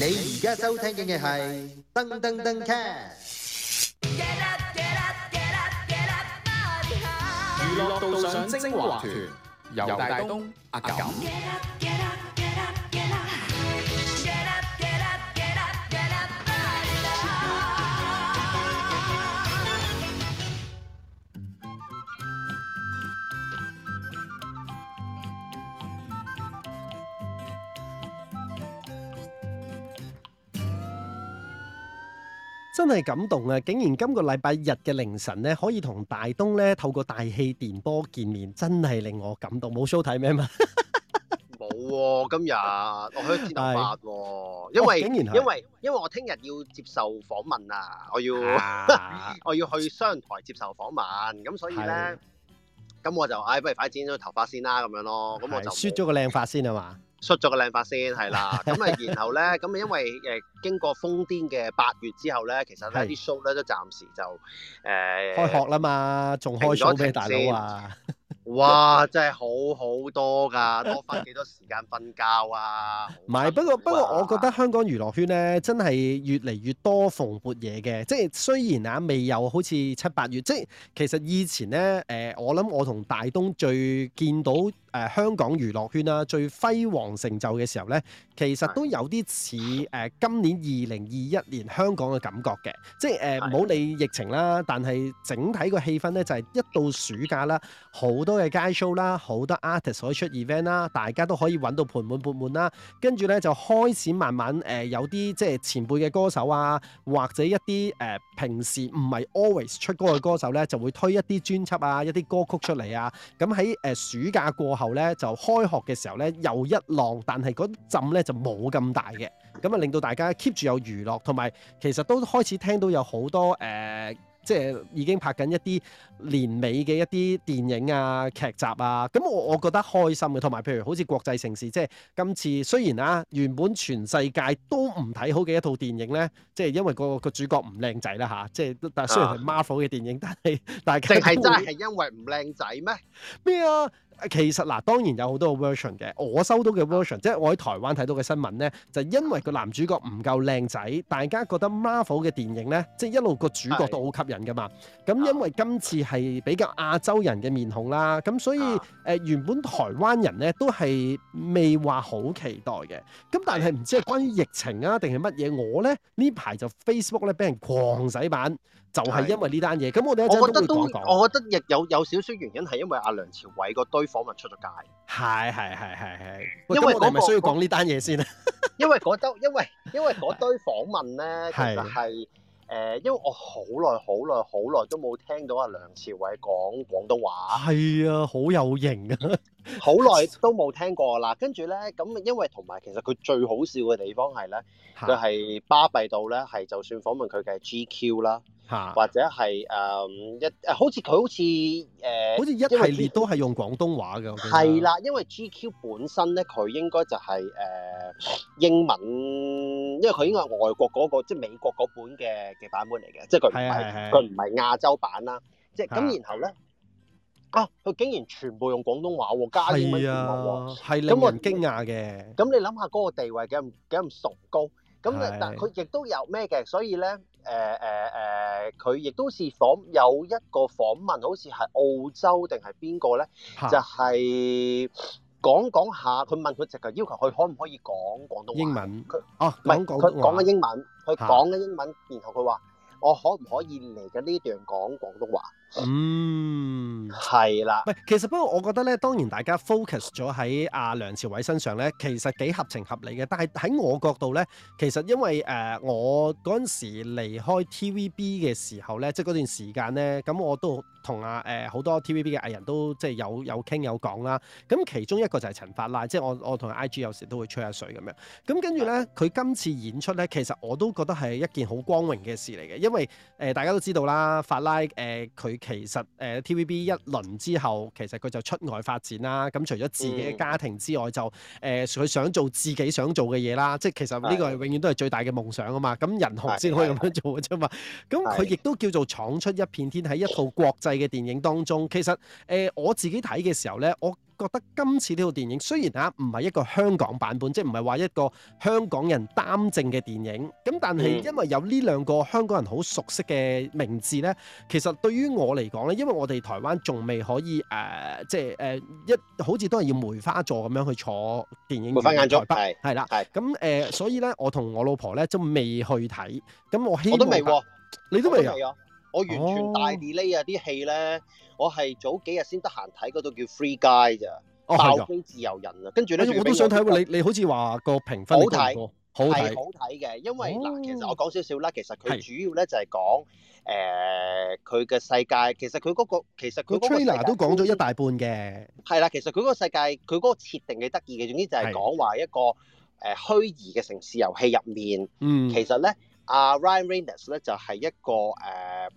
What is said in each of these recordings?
你而家收聽嘅係《噔噔噔車》，娛樂道上精華團，游大東、阿感。真係感動啊！竟然，今個禮拜日嘅凌晨咧，可以同大東咧透過大氣電波見面，真係令我感動。冇 show 睇咩嘛？冇 喎、啊，今日我去剪頭髮、啊，因為因為因為我聽日要接受訪問啊，我要、啊、 我要去商台接受訪問，咁所以咧。咁我就唉、哎，不如快剪咗頭髮先啦，咁樣咯。咁的我就梳咗個靚髮先係嘛，梳咗個靚髮先係啦。咁啊， 然後咧，咁啊，因為誒、呃、經過瘋癲嘅八月之後咧，其實咧啲的 show 咧都暫時就誒、呃、開學啦嘛，仲開 show 俾大佬啊。哇！真係好好多㗎，多翻幾多時間瞓覺啊！唔係， 不過不過，我覺得香港娛樂圈咧，真係越嚟越多蓬勃嘢嘅。即係雖然啊，未有好似七八月。即係其實以前咧，誒、呃，我諗我同大東最見到。誒、啊、香港娛樂圈啦、啊，最輝煌成就嘅時候咧，其實都有啲似誒今年二零二一年香港嘅感覺嘅，即係誒唔好理疫情啦，但係整體個氣氛咧就係、是、一到暑假啦，好多嘅街 show 啦，好多 artist 可以出 event 啦，大家都可以搵到盆滿缽滿啦，跟住咧就開始慢慢誒、啊、有啲即係前輩嘅歌手啊，或者一啲誒、啊、平時唔係 always 出歌嘅歌手咧，就會推一啲專輯啊，一啲歌曲出嚟，啊，咁喺誒暑假過後。咧，就開學嘅時候咧又一浪，但係嗰陣咧就冇咁大嘅，咁啊令到大家 keep 住有娛樂，同埋其實都開始聽到有好多誒、呃，即係已經拍緊一啲年尾嘅一啲電影啊、劇集啊，咁我我覺得開心嘅，同埋譬如好似國際城市，即係今次雖然啊，原本全世界都唔睇好嘅一套電影咧，即係因為個個主角唔靚仔啦吓，即係但係雖然係 Marvel 嘅電影，但係、啊、大家淨係真係因為唔靚仔咩？咩啊？其實嗱，當然有好多個 version 嘅，我收到嘅 version，即係我喺台灣睇到嘅新聞呢，就是、因為個男主角唔夠靚仔，大家覺得 Marvel 嘅電影呢，即係一路個主角都好吸引㗎嘛。咁因為今次係比較亞洲人嘅面孔啦，咁所以誒、呃、原本台灣人呢都係未話好期待嘅。咁但係唔知係關於疫情啊定係乜嘢，我呢呢排就 Facebook 咧畀人狂洗版。就係因為呢單嘢，咁我哋一陣都會講講。我覺得亦有有少少原因係因為阿梁朝偉嗰堆訪問出咗街。係係係係係。因為我哋係咪需要講呢單嘢先啊？因為嗰堆，因為因為嗰堆訪問咧，其實係誒，因為我好耐好耐好耐都冇聽到阿梁朝偉講廣東話。係啊，好有型啊！ 好耐 都冇聽過啦，跟住咧咁，因為同埋其實佢最好笑嘅地方係咧，佢係巴閉到咧，係就算訪問佢嘅 GQ 啦，嚇、啊、或者係誒、嗯、一誒，好似佢好似誒，呃、好似一系列都係用廣東話嘅，係啦、啊，因為 GQ 本身咧，佢應該就係、係、誒、呃、英文，因為佢應該係外國嗰、嗰個即係美國嗰本嘅嘅版本嚟嘅，即係佢唔係佢唔係亞洲版啦，即係咁，然後咧。啊！佢竟然全部用廣東話加英文喎，係咁令人驚訝嘅。咁你諗下嗰個地位幾咁幾咁崇高，咁但係佢亦都有咩嘅？所以咧，誒誒誒，佢亦都是否有一個訪問，好似係澳洲定係邊個咧？就係講講下，佢問佢直嘅要求，佢可唔可以講廣東話英文？佢哦，唔係佢講緊英文，佢講緊英文，然後佢話我可唔可以嚟緊呢一段講廣東話？嗯，係啦，唔其實不過我覺得咧，當然大家 focus 咗喺阿、啊、梁朝偉身上咧，其實幾合情合理嘅。但係喺我角度咧，其實因為誒、呃、我嗰陣時離開 TVB 嘅時候咧，即係嗰段時間咧，咁我都同阿誒好多 TVB 嘅藝人都即係有有傾有講啦。咁其中一個就係陳法拉，即係我我同 I G 有時都會吹下水咁樣。咁跟住咧，佢、嗯、今次演出咧，其實我都覺得係一件好光榮嘅事嚟嘅，因為誒、呃、大家都知道啦，法拉誒佢。呃其實誒、呃、TVB 一輪之後，其實佢就出外發展啦。咁除咗自己嘅家庭之外就，就誒佢想做自己想做嘅嘢啦。即係其實呢個係永遠都係最大嘅夢想啊嘛。咁人紅先可以咁樣做嘅啫嘛。咁佢亦都叫做闖出一片天喺一套國際嘅電影當中。其實誒、呃、我自己睇嘅時候咧，我。覺得今次呢套電影雖然啊唔係一個香港版本，即係唔係話一個香港人擔正嘅電影，咁但係因為有呢兩個香港人好熟悉嘅名字呢，其實對於我嚟講呢，因為我哋台灣仲未可以誒、呃，即係、呃、一好似都係要梅花座咁樣去坐電影梅花眼係係啦，係咁誒，所以呢，我同我老婆呢，就未去睇，咁我希望我都未把你都未有。我完全大 delay 啊！啲戲咧，我係早幾日先得閒睇嗰套叫《Free Guy》咋，爆機自由人啊！跟住咧，我都想睇喎。你你好似話個評分好睇，好睇，好睇嘅。因為嗱，其實我講少少啦，其實佢主要咧就係講誒佢嘅世界。其實佢嗰個，其實佢嗰個世界。佢 trailer 都講咗一大半嘅。係啦，其實佢嗰個世界，佢嗰個設定嘅得意嘅，總之就係講話一個誒虛擬嘅城市遊戲入面。嗯，其實咧。阿、uh, Ryan Reynolds 咧就係、是、一個誒、呃、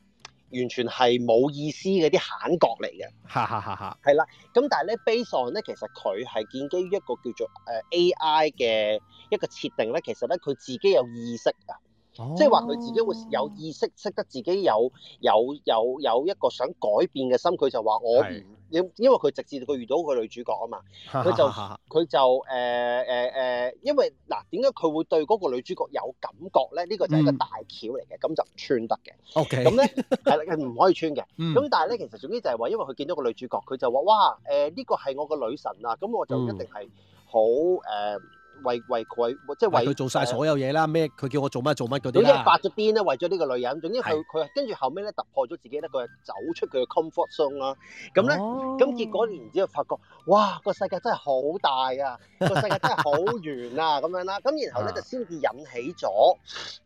完全係冇意思嗰啲閒角嚟嘅，哈哈哈！係啦，咁但係咧，Based on 咧，其實佢係建基於一個叫做誒、呃、AI 嘅一個設定咧，其實咧佢自己有意識啊。即係話佢自己會有意識識得自己有有有有一個想改變嘅心，佢就話我，唔，因為佢直至佢遇到個女主角啊嘛，佢就佢就誒誒誒，因為嗱點解佢會對嗰個女主角有感覺咧？呢、這個就係一個大橋嚟，嘅，咁就穿得嘅。O K，咁咧係啦，唔 可以穿嘅。咁、嗯、但係咧，其實總之就係話，因為佢見到個女主角，佢就話哇誒，呢個係我個女神啊，咁我就一定係好誒。嗯嗯為為佢即係為佢做晒所有嘢啦，咩佢、呃、叫我做乜做乜嗰啲啦。總之發咗癲啦，為咗呢個女人，總之佢佢是跟住後尾咧突破咗自己咧佢走出佢嘅 comfort zone 啦、啊。咁咧咁結果然之後佢發覺哇個世界真係好大啊，個世界真係好圓啊咁 樣啦、啊。咁然後咧是就先至引起咗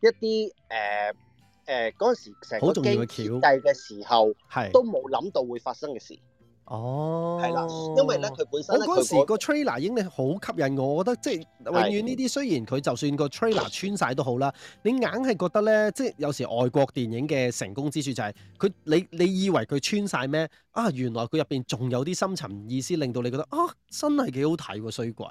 一啲誒誒嗰陣時成機設計嘅時候是都冇諗到會發生嘅事。哦，係啦，因為咧，佢本身我嗰時個 trailer 已經好吸引我，我覺得的即係永遠呢啲雖然佢就算個 trailer 穿晒都好啦，的你硬係覺得咧，即係有時外國電影嘅成功之處就係佢你你以為佢穿晒咩啊？原來佢入邊仲有啲深層意思，令到你覺得啊，真係幾好睇喎！衰鬼，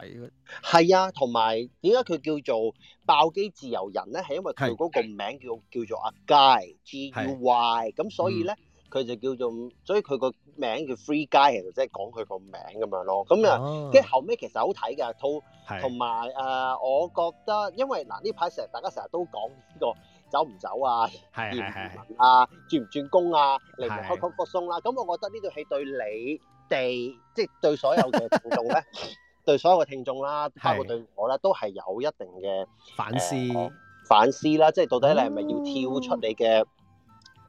係啊，同埋點解佢叫做爆機自由人咧？係因為佢嗰個名叫叫做阿 Guy G U Y，咁所以咧。嗯佢就叫做，所以佢個名叫 Free Guy，其實即係講佢個名咁樣咯。咁啊，跟住後尾其實好睇㗎，同同埋啊，我覺得因為嗱呢排成日大家成日都講呢個走唔走啊，移民唔移民啊，轉唔轉工啊，嚟唔嚟開廣播鬆啦。咁我覺得呢套戲對你哋，即係對所有嘅聽眾咧，對所有嘅聽眾啦，包括對我咧，都係有一定嘅反思反思啦。即係到底你係咪要跳出你嘅？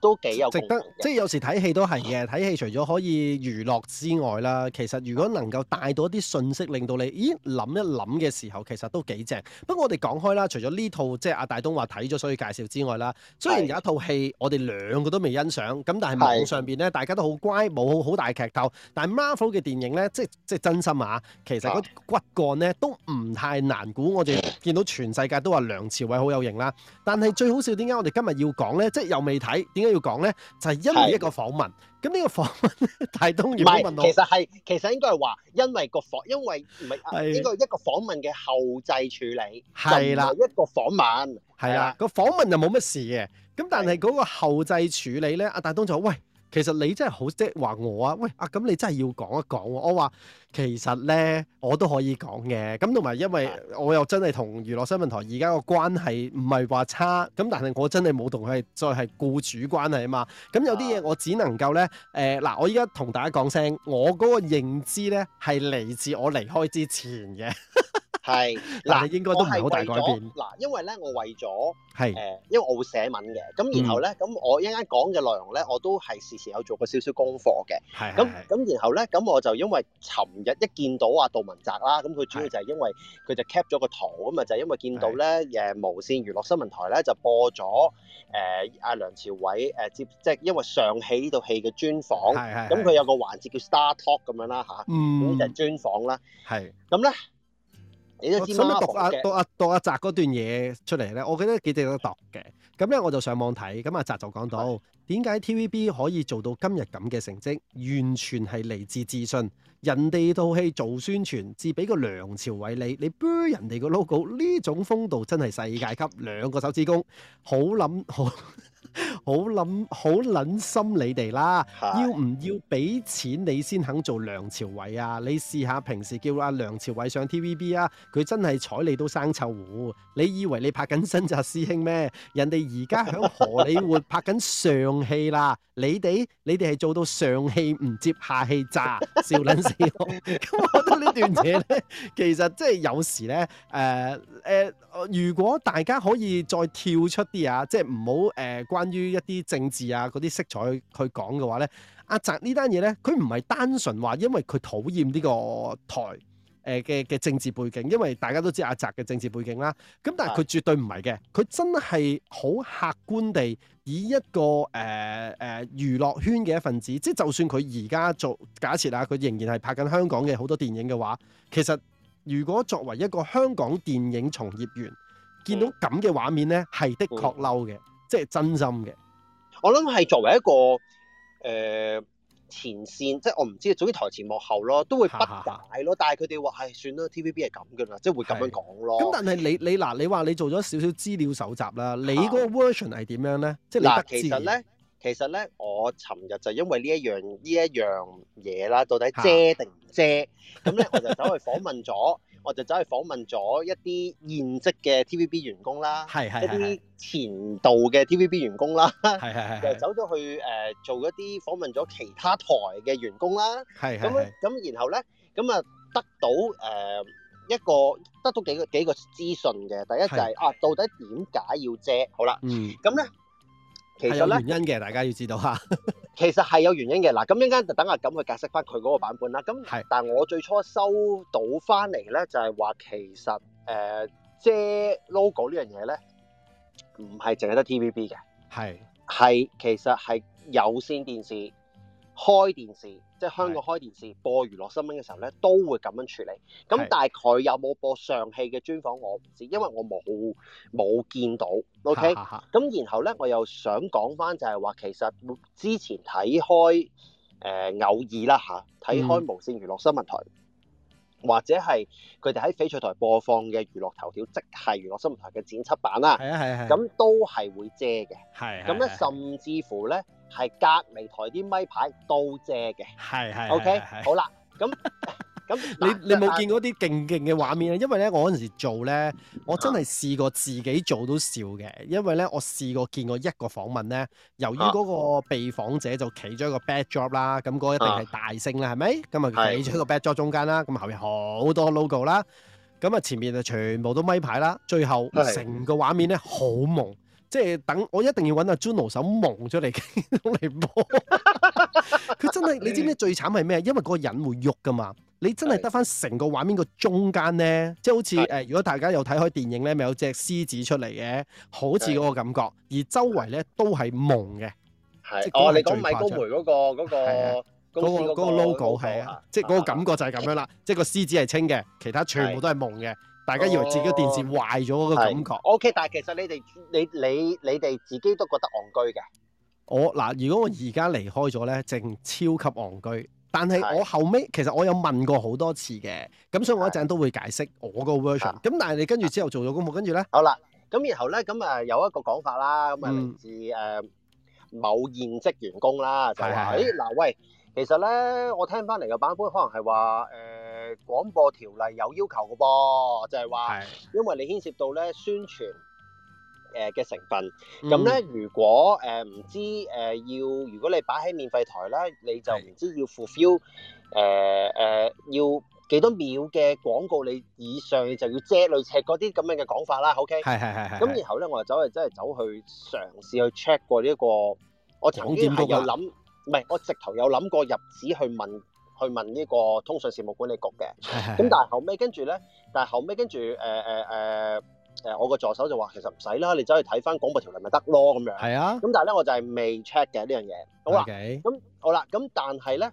都幾有值得，即係有時睇戲都係嘅。睇的戲除咗可以娛樂之外啦，其實如果能夠帶到一啲信息，令到你咦諗一諗嘅時候，其實都幾正。不過我哋講開啦，除咗呢套即係阿大東話睇咗所以介紹之外啦，雖然有一套戲我哋兩個都未欣賞，咁但係網上邊咧大家都好乖，冇好大劇透。但係 Marvel 嘅電影咧，即係即係真心啊，其實骨幹咧都唔太難估。我哋見到全世界都話梁朝偉好有型啦，但係最好笑點解我哋今日要講咧？即係又未睇，點解？要講咧，就係、是、因為一個訪問。咁呢的個訪問， 大東如果問我，其實係其實應該係話，因為個訪，因為唔係應該一個訪問嘅後製處理。係啦，一個訪問係啦，個訪問又冇乜事嘅。咁但係嗰個後製處理咧，阿的、啊、大東就話，喂其實你真係好，即係話我啊，喂啊，咁你真係要講一講、啊、我話其實呢，我都可以講嘅。咁同埋因為我又真係同娛樂新聞台而家個關係唔係話差，咁但係我真係冇同佢再係僱主關係啊嘛。咁有啲嘢我只能夠呢，誒、呃、嗱，我依家同大家講聲，我嗰個認知呢係嚟自我離開之前嘅。 係嗱，應該都好大改變。嗱，因為咧，我為咗係誒，因為我會寫文嘅。咁然後咧，咁我一陣間講嘅內容咧，我都係事前有做過少少功課嘅。係，咁咁然後咧，咁我就因為尋日一見到阿杜汶澤啦，咁佢主要就係因為佢就 cap 咗個圖，吖嘛，就因為見到咧誒無線娛樂新聞台咧就播咗誒阿梁朝偉誒接即係因為上戲呢套戲嘅專訪，咁佢有個環節叫 Star Talk 咁樣啦嚇，咁就係專訪啦。係，咁咧。使唔使讀阿讀阿讀阿澤嗰段嘢出嚟呢？我覺得幾值得讀嘅。咁咧我就上網睇，咁阿澤就講到點解 TVB 可以做到今日咁嘅成績，完全係嚟自自信。人哋套戲做宣傳，至俾個梁朝偉你，你啤人哋個 logo，呢種風度真係世界級，兩個手指公，好諗好。 好諗好捻心你哋啦，要唔要俾錢你先肯做梁朝偉啊？你試下平時叫阿梁朝偉上 TVB 啊，佢真係睬你都生臭狐。你以為你拍緊新紮師兄咩？人哋而家響荷里活拍緊上戲啦，你哋你哋係做到上戲唔接下戲咋？笑捻死。咁我覺得段呢段嘢咧，其實即係有時咧，誒、呃、誒、呃呃，如果大家可以再跳出啲啊，即係唔好誒關。關於一啲政治啊，嗰啲色彩去講嘅話咧，阿澤呢單嘢咧，佢唔係單純話因為佢討厭呢個台誒嘅嘅政治背景，因為大家都知阿澤嘅政治背景啦。咁但係佢絕對唔係嘅，佢真係好客觀地以一個誒誒娛樂圈嘅一份子，即係就算佢而家做假設啊，佢仍然係拍緊香港嘅好多電影嘅話，其實如果作為一個香港電影從業員見到咁嘅畫面咧，係的確嬲嘅。即係真心嘅，我諗係作為一個誒、呃、前線，即係我唔知，總之台前幕後咯，都會不解咯。哈哈，但係佢哋話係算啦，TVB 係咁㗎啦，即係會咁樣講咯。咁但係你，你嗱，你話你，你做咗少少資料搜集啦，嗯、你嗰個 version 係點樣咧？啊、即係嗱，其實咧，其實咧，我尋日就因為呢一樣呢一樣嘢啦，到底遮定唔遮？咁咧、啊， 我就走去訪問咗。我就走去訪問咗一啲現職嘅其實咧，原因嘅，大家要知道嚇。 其實係有原因嘅，嗱，咁一陣間就等我咁去解釋翻佢嗰個版本啦。咁，是但係我最初收到翻嚟咧，就係話其實誒、呃、遮 logo 呢樣嘢咧，唔係淨係得 TVB 嘅，係係是其實係有線電視。開電視，即係香港開電視的播娛樂新聞嘅時候呢，都會咁樣處理。咁但係佢有冇播尚氣嘅專訪，我唔知，因為我冇冇見到。O、okay? K 的。咁然後呢，我又想講返就係話，其實之前睇開誒、呃、偶爾啦嚇，睇、啊、開無線娛樂新聞台，嗯、或者係佢哋喺翡翠台播放嘅娛樂頭條，即係娛樂新聞台嘅剪輯版啦、啊。係咁都係會遮嘅。係的。咁呢的，甚至乎呢。係隔離台啲咪牌都借嘅，係係 OK，好啦，咁咁 你那你冇見過嗰啲勁勁嘅畫面咧？ 因為咧我嗰陣時做咧，我真係試過自己做都笑嘅，因為咧我試過見過一個訪問咧，由於嗰個被訪者就企咗一個 backdrop 啦，咁嗰一定係大聲啦，係咪？ 咁啊企咗個 backdrop 中間啦，咁後面好多 logo 啦，咁啊前面就全部都咪牌啦，最後成個畫面咧好朦。的 即係等我一定要揾阿 Juno 手蒙出嚟嚟摸，佢 真係你知唔知最慘係咩？因為嗰個人會喐㗎嘛，你真係得翻成個畫面個中間咧，的即係好似誒的、呃，如果大家有睇開電影咧，咪有隻獅子出嚟嘅，好似嗰個感覺，的而周圍咧都係蒙嘅。係的、哦，你講米高梅嗰、那個嗰個 logo 係，啊，即係嗰個感覺就係咁樣啦，啊啊、即係個獅子係青嘅，其他全部都係蒙嘅。的大家以為自己電視壞咗個感覺。哦、o、okay, K，但係其實你哋你你你哋自己都覺得戇居嘅。我嗱，如果我而家離開咗咧，正超級戇居。但係我後尾其實我有問過好多次嘅，咁所以我一陣都會解釋我個 version。咁的但係你跟住之後做咗公佈，的跟住咧、啊？好啦，咁然後咧，咁、嗯、啊有一個講法啦，咁啊嚟自誒、呃、某現職員工啦，就話、是、嗱的，喂，其實咧我聽翻嚟嘅版本，可能係話誒。呃誒廣播條例有要求嘅噃，就係、是、話，是因為你牽涉到咧宣傳誒嘅成分，咁咧、嗯、如果誒唔、呃、知誒要、呃，如果你擺喺免費台咧，你就唔知要 fulfill 誒誒要幾多秒嘅廣告，你以上你就要遮雷尺嗰啲咁樣嘅講法啦。OK，係係係係。咁然後咧，我就走嚟真係走去嘗試去 check 過呢、這、一個，我曾經係有諗，唔係我直頭有諗過入紙去問。去問呢個通訊事務管理局嘅，咁但係後尾跟住咧，但係後尾跟住誒誒誒誒，我個助手就話其實唔使啦，你走去睇翻《廣播條例》咪得咯咁樣。係啊。咁但係咧，我就係未 check 嘅呢樣嘢。OK。咁好啦，咁但係咧，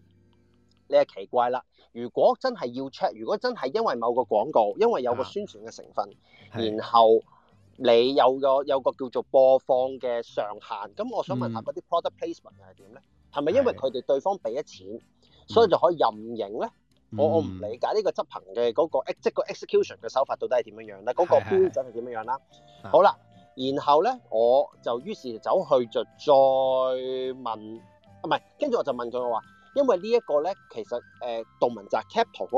你係奇怪啦。如果真係要 check，如果真係因為某個廣告，因為有個宣傳嘅成分，然後你有個有個叫做播放嘅上限，咁我想問下嗰啲 product placement 又係點咧？係咪因為佢哋對方俾咗錢？，所以就可以任影咧。嗯、我我唔理解呢個執行嘅嗰個即係個 mm. execution 嘅手法到底係點樣樣咧？嗰、嗰個標準係點樣樣啦？好啦，然後咧，我就於是走去就再問，唔係，跟住我就問佢話，因為呢一個咧其實誒杜、呃、文澤 capital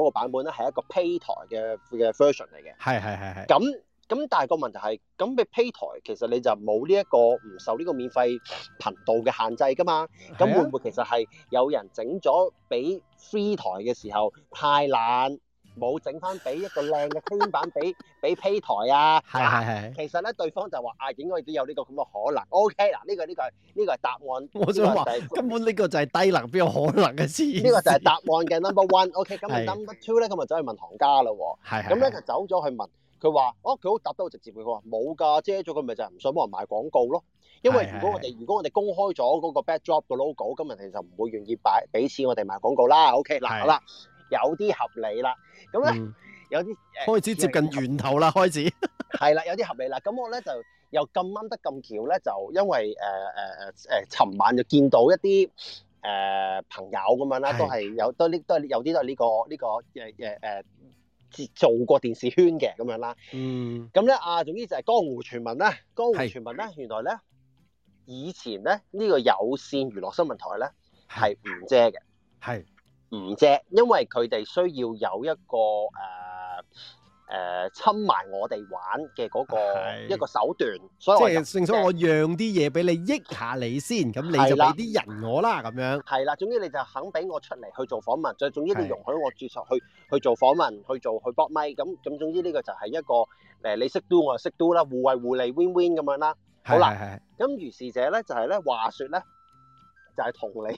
version 咁但係個問題係，咁嘅 P 台其實你就冇呢一個唔受呢個免費頻道嘅限制噶嘛。咁會唔會其實係有人整咗俾 Free 台嘅時候太爛，冇整翻俾一個靚嘅封面版俾俾 P 台啊？係係係。其實咧，對方就話：啊，應該都有呢個咁嘅可能。OK，嗱，呢個呢個呢個係答案。我想話根本呢個就係低能，邊有可能嘅事？呢個就係答案嘅 number one。OK，咁 number two 咧，咁咪走去問行家啦。係係。咁咧就走咗去問。佢話，哦，佢好答得好直接，佢話冇㗎，遮咗佢咪就係唔想幫人賣廣告咯。因為如果我哋，如果我哋公開咗嗰個 bad drop 嘅 logo，咁人哋就唔會願意擺，俾錢我哋賣廣告啦。O K，嗱，好啦，有啲合理啦。咁咧，有啲開始接近源頭啦，開始。係啦，有啲合理啦。咁我咧就又咁啱得咁巧咧，就因為誒誒誒誒，尋晚就見到一啲誒朋友咁樣啦，都係有都呢都係有啲都係呢個呢個誒誒誒。做過電視圈嘅咁樣啦，嗯，咁咧啊，總之就係江湖傳聞啦，江湖傳聞咧，是原來咧以前咧呢、呢個有線娛樂新聞台咧係唔遮嘅，係唔是遮，因為佢哋需要有一個誒。呃誒，侵埋我哋玩嘅嗰個一個手段，所以即係正所謂我讓啲嘢俾你益下你先，咁你就俾啲人我啦，咁樣係啦。總之你就肯俾我出嚟去做訪問，再總之你容許我接觸去去做訪問，去做去搏咪，咁咁總之呢個就係一個誒，你識 do 我就識 do 啦，互惠互利 win win 咁樣啦。好啦，係係係。咁如是者咧，就係咧，話說咧，就係同你。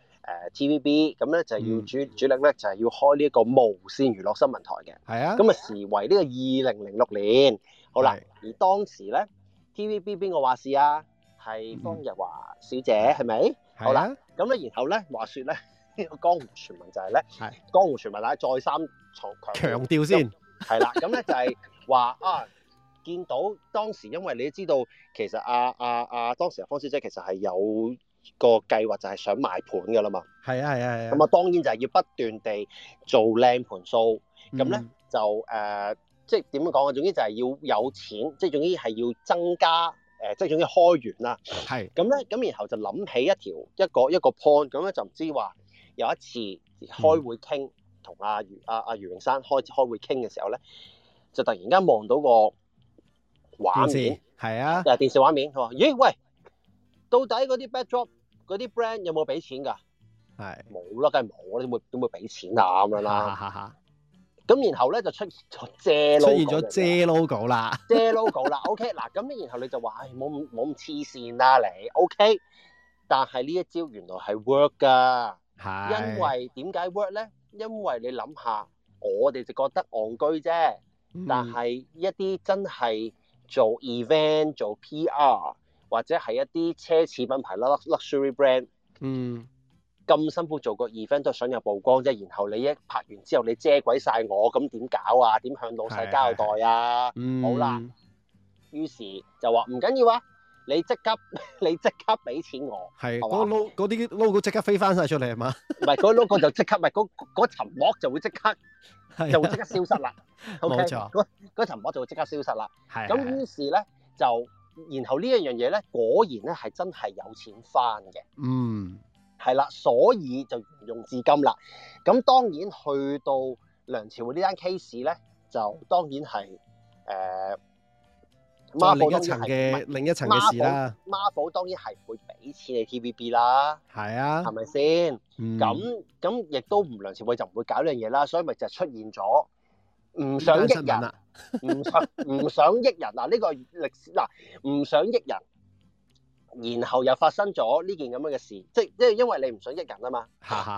誒 TVB 咁咧就係要主、嗯、主力咧就係、是、要開呢一個無線娛樂新聞台嘅，係啊，咁啊時為呢個二零零六年，好啦，是而當時咧 TVB 邊個話事啊？係方逸華小姐係咪？係、嗯、吧好啦，咁咧、啊、然後咧話說咧呢個江湖傳聞就係咧，是江湖傳聞啦，再三重強強調先係啦，咁咧就係、是、話 啊，見到當時因為你知道其實啊啊啊，啊當時方小姐其實係有。個計劃就係想賣盤噶啦嘛，係啊係啊係啊，咁啊,啊當然就係要不斷地做靚盤數，咁咧、嗯、就誒、呃、即係點樣講啊？總之就係要有錢，即係總之係要增加誒、呃，即係總之開源啦。係是，咁咧咁然後就諗起一條一個一個 point，咁咧就唔知話有一次開會傾同阿阿阿余詠珊開開會傾嘅時候咧，就突然間望到個畫面，係啊，電視畫面，佢話咦喂。到底嗰啲 backdrop 嗰啲 brand 有冇俾錢㗎？係冇啦，梗係冇啦，點會點會俾錢啊咁樣啦。咁然後咧就出現咗遮 logo，出現咗遮 logo 啦。遮 logo 啦。OK，嗱咁然後你就話：唉，冇咁冇咁黐線啦你。OK，但係呢一招原來係 work 㗎。係。因為點解 work 咧？因為你諗下，我哋就覺得戇居啫，但係一啲真係做 event 做 PR。或者係一啲奢侈品牌 luxury brand，嗯，咁辛苦做個 event 都想有曝光啫。然後你一拍完之後，你遮鬼晒我，咁點搞啊？點向老細交代啊？好啦。於是就話唔緊要啊，你即刻你即刻俾錢我。係嗰 logo 啲 logo 即刻飛翻晒出嚟係嘛？唔係嗰 logo 就，即刻唔係嗰層膜就會即刻就會即刻消失啦。冇錯，嗰層膜就會即刻消失啦。係咁於是咧就。然後呢一樣嘢咧，果然咧係真係有錢翻嘅，嗯，係啦，所以就沿用至今啦。咁當然去到梁朝偉呢單 case 咧，就當然係誒，呃、另一層嘅、嗯、另一層嘅是事啦。Marvel 當然係會俾錢你 TVB 啦，係啊，係咪先？咁咁、嗯、亦都唔梁朝偉就唔會搞呢樣嘢啦，所以咪就出現咗唔想益人。唔 想唔想益人嗱，呢、呢個歷史嗱唔想益人，然後又發生咗呢件咁樣嘅事，即係即係因為你唔想益人啊嘛，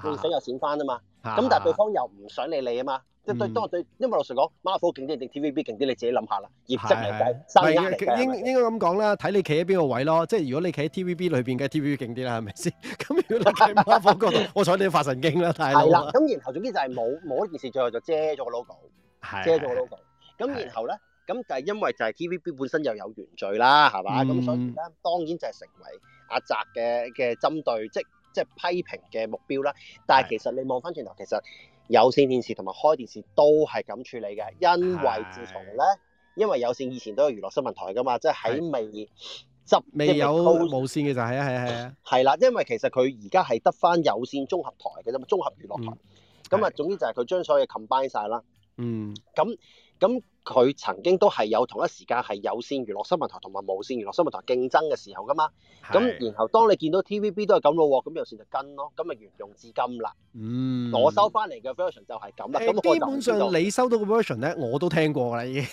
點想有錢翻啊嘛，咁、啊、但係對方又唔想理你啊嘛，即係對、嗯、當係對，因為老實講，Marvel 勁啲定 T V B 勁啲，你自己諗下啦，業界係咪？應應該咁講啦，睇你企喺邊個位咯，即係如果你企喺 T V B 裏邊，梗係 T V B 勁啲啦，係咪先？咁 如果 m 企 Marvel 嗰度，我睬你發神經啦，大佬。係啦，咁然後總之就係冇冇一件事，最後就遮咗個 logo，的遮咗個 logo。咁然後咧，咁就係因為就係 TVB 本身又有原罪啦，係嘛，咁，所以咧當然就係成為阿澤嘅嘅針對，即即係批評嘅目標啦。但係其實你望翻轉頭，其實有線電視同埋開電視都係咁處理嘅，因為自從咧，因為有線以前都有娛樂新聞台噶嘛，就是、是即係喺未執未有無線嘅時候，係啊係啊係啊，係啦、啊啊啊，因為其實佢而家係得翻有線綜合台嘅啫嘛，綜合娛樂台咁啊，嗯、總之就係佢將所有 combine 晒啦，嗯，咁、嗯。咁。佢曾經都係有同一時間係有線娛樂新聞台同埋無線娛樂新聞台競爭嘅時候㗎嘛，咁是然後當你見到 TVB 都係咁咯喎，咁有線就跟咯，咁咪沿用至今啦。嗯，我收翻嚟嘅 version 就係咁啦。咁、呃、基本上你收到嘅 version 咧，我都聽過啦已經。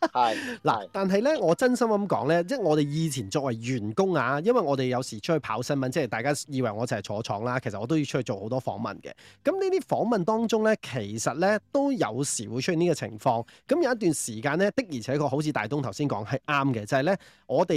係 嗱，但係咧，我真心咁講咧，即係我哋以前作為員工啊，因為我哋有時出去跑新聞，即係大家以為我就係坐廠啦，其實我都要出去做好多訪問嘅。咁呢啲訪問當中咧，其實咧都有時會出現呢個情況。咁有一段。時間咧，的而且確好似大東頭先講係啱嘅，就係、是、咧我哋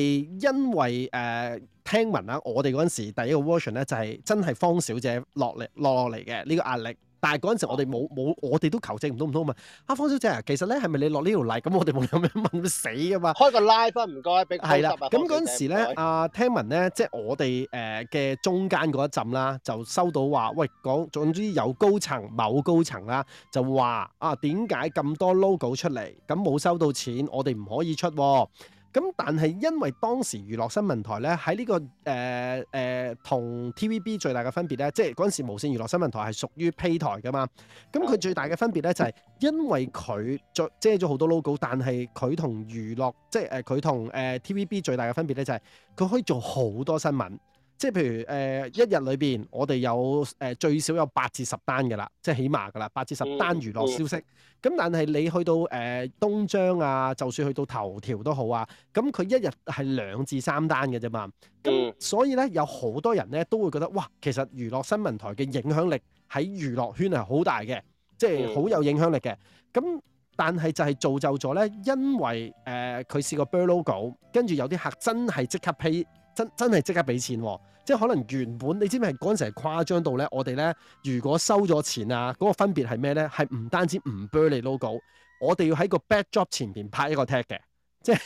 因為誒、呃、聽聞啊，我哋陣時第一個 version 咧就係真係方小姐落嚟落嚟嘅呢個壓力。但係嗰陣時我、啊，我哋冇冇，我哋都求證唔到唔通啊！方小姐啊，其實咧係咪你落呢條例咁？我哋冇咁樣問死噶嘛！開個 live 分唔該俾個十啊！咁嗰陣時咧，阿煩、啊、聽聞咧，即係我哋誒嘅中間嗰一層啦，就收到話，喂，講總之有高層某高層啦、啊，就話啊，點解咁多 logo 出嚟？咁冇收到錢，我哋唔可以出、啊。咁但係因為當時娛樂新聞台咧喺呢、這個誒誒、呃呃、同 TVB 最大嘅分別咧，即係嗰陣時無線娛樂新聞台係屬於批台㗎嘛，咁佢最大嘅分別咧就係、是、因為佢做遮咗好多 logo，但係佢同娛樂即係誒佢同誒、呃、TVB 最大嘅分別咧就係、是、佢可以做好多新聞。即係譬如誒、呃、一日裏邊，我哋有誒、呃、最少有八至十單嘅啦，即係起碼嘅啦，八至十單娛樂消息。咁、嗯嗯、但係你去到誒東張啊，就算去到頭條都好啊，咁佢一日係兩至三單嘅啫嘛。咁、嗯、所以咧，有好多人咧都會覺得哇，其實娛樂新聞台嘅影響力喺娛樂圈係好大嘅，即係好有影響力嘅。咁、嗯、但係就係造就咗咧，因為誒佢試過 blur logo，跟住有啲客真係即刻俾真真係即刻俾錢喎、啊。即可能原本你知唔知係嗰陣時係誇張到咧？我哋咧如果收咗錢啊，嗰、嗰個分別係咩咧？係唔單止唔 blur logo，我哋要喺個 backdrop 前邊拍一個 tag 嘅，即係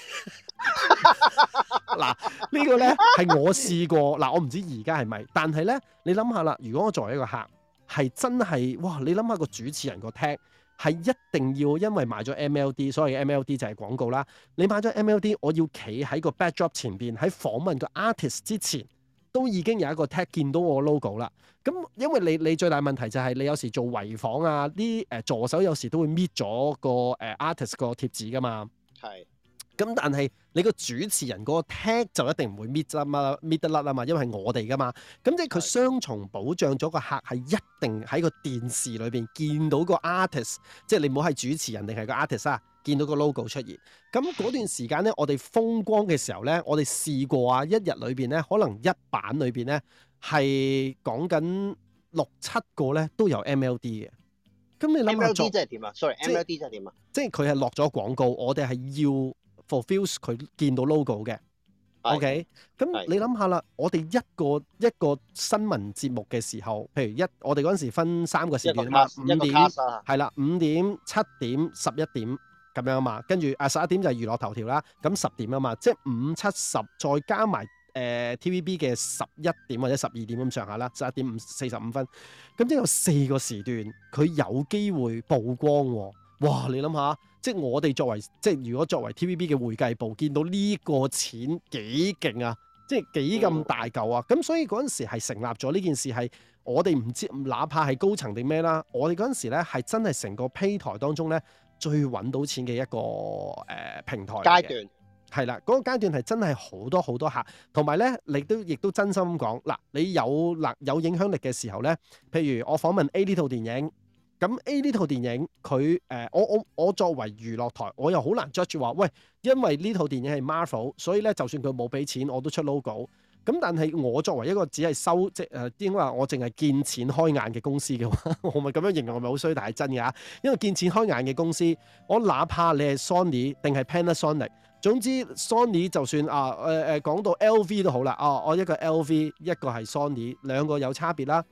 嗱、 呢個、呢個咧係我試過嗱，我唔知而家係咪，但係咧你諗下啦，如果我作為一個客，係真係哇！你諗下個主持人個 tag 係一定要因為買咗 MLD，所以 MLD 就係廣告啦。你買咗 MLD，我要企喺個 backdrop 前邊喺訪問個 artist 之前。都已經有一個 tag 見到我 logo 啦，咁、嗯、因為你你最大問題就係你有時做圍訪啊，啲誒、呃、助手有時都會搣咗個誒、呃、artist 個貼紙噶嘛，係是，咁、嗯、但係你個主持人嗰個 tag 就一定唔會搣咗搣得甩啊嘛，因為係我哋噶嘛，咁、嗯、即係佢雙重保障咗個客係一定喺個電視裏邊見到個 artist，是即係你唔好係主持人定係個 artist 啊。見到個 logo 出現咁嗰段時間咧，我哋風光嘅時候咧，我哋試過啊，一日裏邊咧，可能一版裏邊咧係講緊六七個咧都有 M L D 嘅。咁你諗 M L D 即係點啊？sorry，M L D 即係點啊？Sorry，即係佢係落咗廣告，我哋係要 fulfill 佢見到 logo 嘅。的 OK，咁你諗下啦，的我哋一個一個新聞節目嘅時候，譬如一我哋嗰陣時分三個時段嘛，五點係啦，五點七點十一個 class，點。一咁樣啊嘛，跟住啊十一點就係娛樂頭條啦，咁、嗯、十點啊嘛，即係五七十再加埋誒 TVB 嘅十一點或者十二點咁上下啦，十一點五四十五分，咁即係有四個時段，佢有機會曝光喎！哇、嗯，你諗下，即係我哋作為即係如果作為 TVB 嘅會計部，見到呢個錢幾勁啊，即係幾咁大嚿啊，咁所以嗰陣時係成立咗呢件事係我哋唔知，哪怕係高層定咩啦，我哋嗰陣時咧係真係成個批台當中咧。最揾到錢嘅一個誒、呃、平台階段，係啦，嗰、那個階段係真係好多好多客，同埋咧，你都亦都真心講，嗱，你有勒有影響力嘅時候咧，譬如我訪問 A 呢套電影，咁 A 呢套電影佢誒、呃，我我我作為娛樂台，我又好難 judge 住話，喂，因為呢套電影係 Marvel，所以咧，就算佢冇俾錢，我都出 logo。咁但係我作為一個只係收即係誒，應該話我淨係見錢開眼嘅公司嘅話，我咪咁樣形容我咪好衰，但係真嘅，因為見錢開眼嘅公司，我哪怕你係 Sony 定係 Panasonic，總之 Sony 就算啊誒誒講到 LV 都好啦，哦、啊，我一個 LV，一個係 Sony，兩個有差別啦，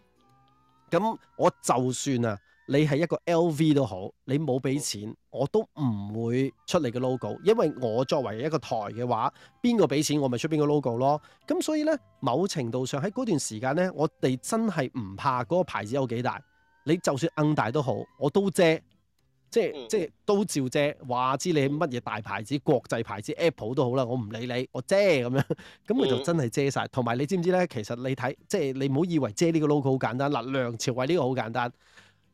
咁我就算啊。你係一個 LV 都好，你冇俾錢，我都唔會出你嘅 logo。因為我作為一個台嘅話，邊個俾錢我咪出邊個 logo 咯。咁所以呢，某程度上喺嗰段時間呢，我哋真係唔怕嗰個牌子有幾大。你就算奀大都好，我都遮，即係都照遮。話知你乜嘢大牌子、國際牌子、Apple 都好啦，我唔理你，我遮咁樣。咁佢就真係遮晒。同埋、嗯、你知唔知呢？其實你睇即係你唔好以為遮呢個 logo 好簡單。嗱，梁朝偉呢個好簡單。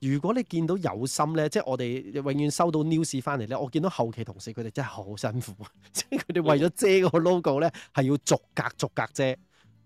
如果你見到有心咧，即係我哋永遠收到 news 翻嚟咧，我見到後期同事佢哋真係好辛苦啊，即係佢哋為咗遮個 logo 咧，係要逐格逐格遮。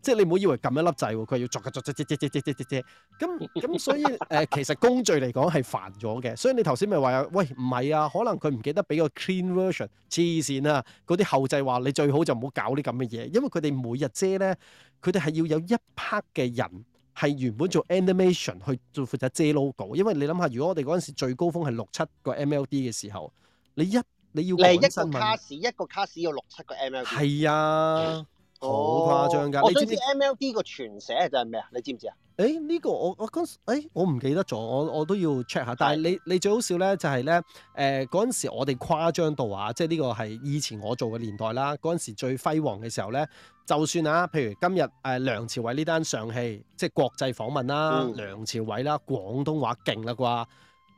即係你唔好以為撳一粒掣，佢係要逐格逐格逐咁咁，所以誒、呃，其實工序嚟講係煩咗嘅。所以你頭先咪話，喂，唔係啊，可能佢唔記得俾個 clean version。黐線啊！嗰啲後製話你最好就唔好搞啲咁嘅嘢，因為佢哋每日遮咧，佢哋係要有一 part 嘅人。係原本做 animation 去做負責遮 logo，因為你諗下，如果我哋陣時最高峰係六七個 MLD 嘅時候，你一你要嚟一 c 卡 a s 一個卡 l 要六七個 MLD，係啊，好誇張噶！你知唔知 MLD 個全寫就係咩啊？你知唔知啊？誒呢、欸這個我、欸、我嗰時誒我唔記得咗，我我都要 check 下。但係你你最好笑咧就係咧誒嗰陣時我哋誇張到啊！即係呢個係以前我做嘅年代啦。嗰陣時最輝煌嘅時候咧，就算啊，譬如今日誒、呃、梁朝偉呢單上戲，即係國際訪問啦，嗯、梁朝偉啦，廣東話勁啦啩？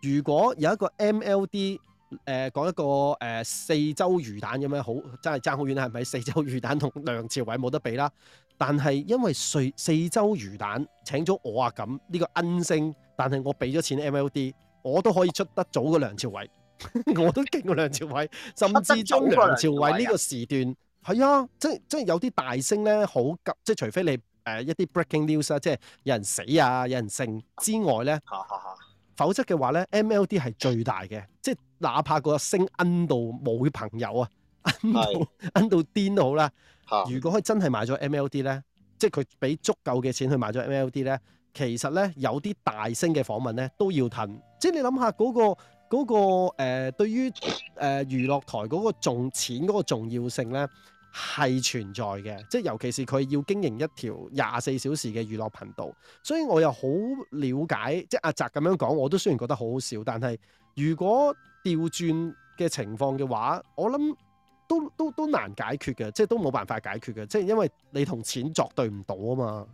如果有一個 MLD 誒、呃、講一個誒、呃、四周魚蛋咁樣，好真係爭好遠，係咪四周魚蛋同梁朝偉冇得比啦？但係因為四四周魚蛋請咗我啊，咁、這、呢個奀星。但係我俾咗錢 MLD，我都可以出得早過梁朝偉， 我都勁過梁朝偉，甚至將梁朝偉呢個時段係啊，啊，即係即係有啲大聲咧，好急，即係除非你誒、呃、一啲 breaking news 啦，即係有人死啊，有人生之外咧，嚇嚇嚇，否則嘅話咧，MLD 係最大嘅，即係哪怕個聲奀到冇朋友啊！揞、嗯、到揞的、嗯、到癲都好啦。如果佢真係買咗 MLD 咧，即係佢俾足夠嘅錢去買咗 MLD 咧，其實咧，有啲大聲嘅訪問咧都要褪。即係你諗下嗰、那個嗰、那個誒、呃，對於誒、呃、娛樂台嗰個重錢嗰個重要性咧係存在嘅。即係尤其是佢要經營一條廿四小時嘅娛樂頻道，所以我又好了解。即係阿澤咁樣講，我都雖然覺得好好笑，但係如果調轉嘅情況嘅話，我諗。都都都難解決嘅，即係都冇辦法解決嘅，即係因為你同錢作對唔到啊嘛。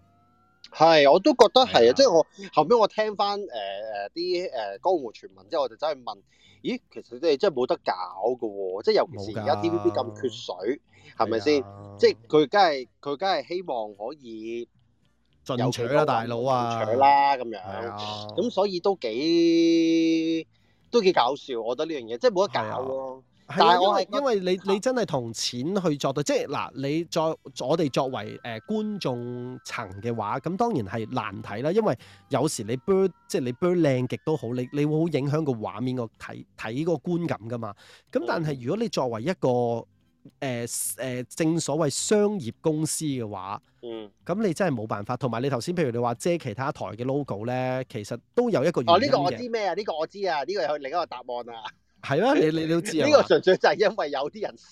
係，我都覺得係是啊即，即係我後尾我聽翻誒誒啲誒江湖傳聞之後，我就走去問，咦，其實你哋真係冇得搞嘅，即係尤其是而家 TVB 咁缺水，係咪先？即係佢梗係佢梗係希望可以進取，啦取啊，大佬啊，取啦咁樣，咁是、啊、所以都幾都幾搞笑，我覺得呢樣嘢即係冇得搞咯。是啊。係，因為因為你你真係同錢去作對，即係嗱，你作我哋作為誒、呃、觀眾層嘅話，咁當然係難睇啦。因為有時你 blur，即係你 blur 靚極都好，你你會好影響個畫面個睇睇個觀感噶嘛。咁但係如果你作為一個誒誒、嗯呃、正所謂商業公司嘅話，嗯，咁你真係冇辦法。同埋你頭先譬如你話遮其他台嘅 logo 咧，其實都有一個原因哦，呢個我知咩啊？呢個我知啊，呢個係另一個答案啊！係啦、啊，你你都知啊！呢個純粹就係因為有啲人小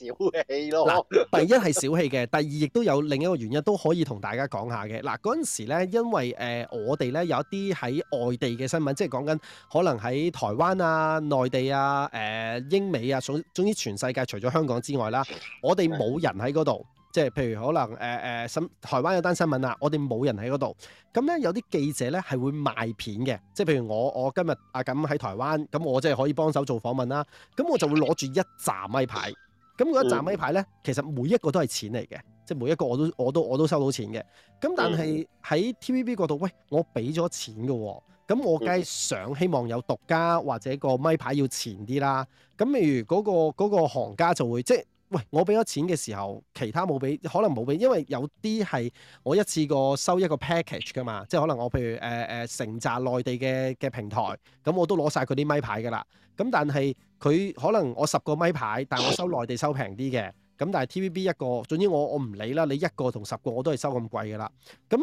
氣咯。 第一係小氣嘅，第二亦都有另一個原因都可以同大家講下嘅。嗱，嗰陣時咧，因為誒、呃、我哋咧有一啲喺外地嘅新聞，即係講緊可能喺台灣啊、內地啊、誒、呃、英美啊，總總之全世界除咗香港之外啦，我哋冇人喺嗰度。即係譬如可能誒誒、呃、台灣有單新聞啦，我哋冇人喺嗰度，咁咧有啲記者咧係會賣片嘅，即係譬如我我今日阿錦喺台灣，咁我即係可以幫手做訪問啦，咁我就會攞住一紮咪牌，咁嗰一紮咪牌咧，其實每一個都係錢嚟嘅，即係每一個我都我都我都收到錢嘅，咁但係喺 TVB 嗰度，喂，我俾咗錢嘅喎，咁我梗係想希望有獨家或者個咪牌要前啲啦，咁譬如嗰、嗰個嗰個行家就會即係。喂，我俾咗錢嘅時候，其他冇俾，可能冇俾，因為有啲係我一次過收一個 package 㗎嘛，即係可能我譬如誒誒、呃呃、成扎內地嘅嘅平台，咁我都攞晒佢啲咪牌㗎啦，咁但係佢可能我十個咪牌，但我收內地收平啲嘅，咁但係 TVB 一個，總之我我唔理啦，你一個同十個我都係收咁貴㗎啦，咁。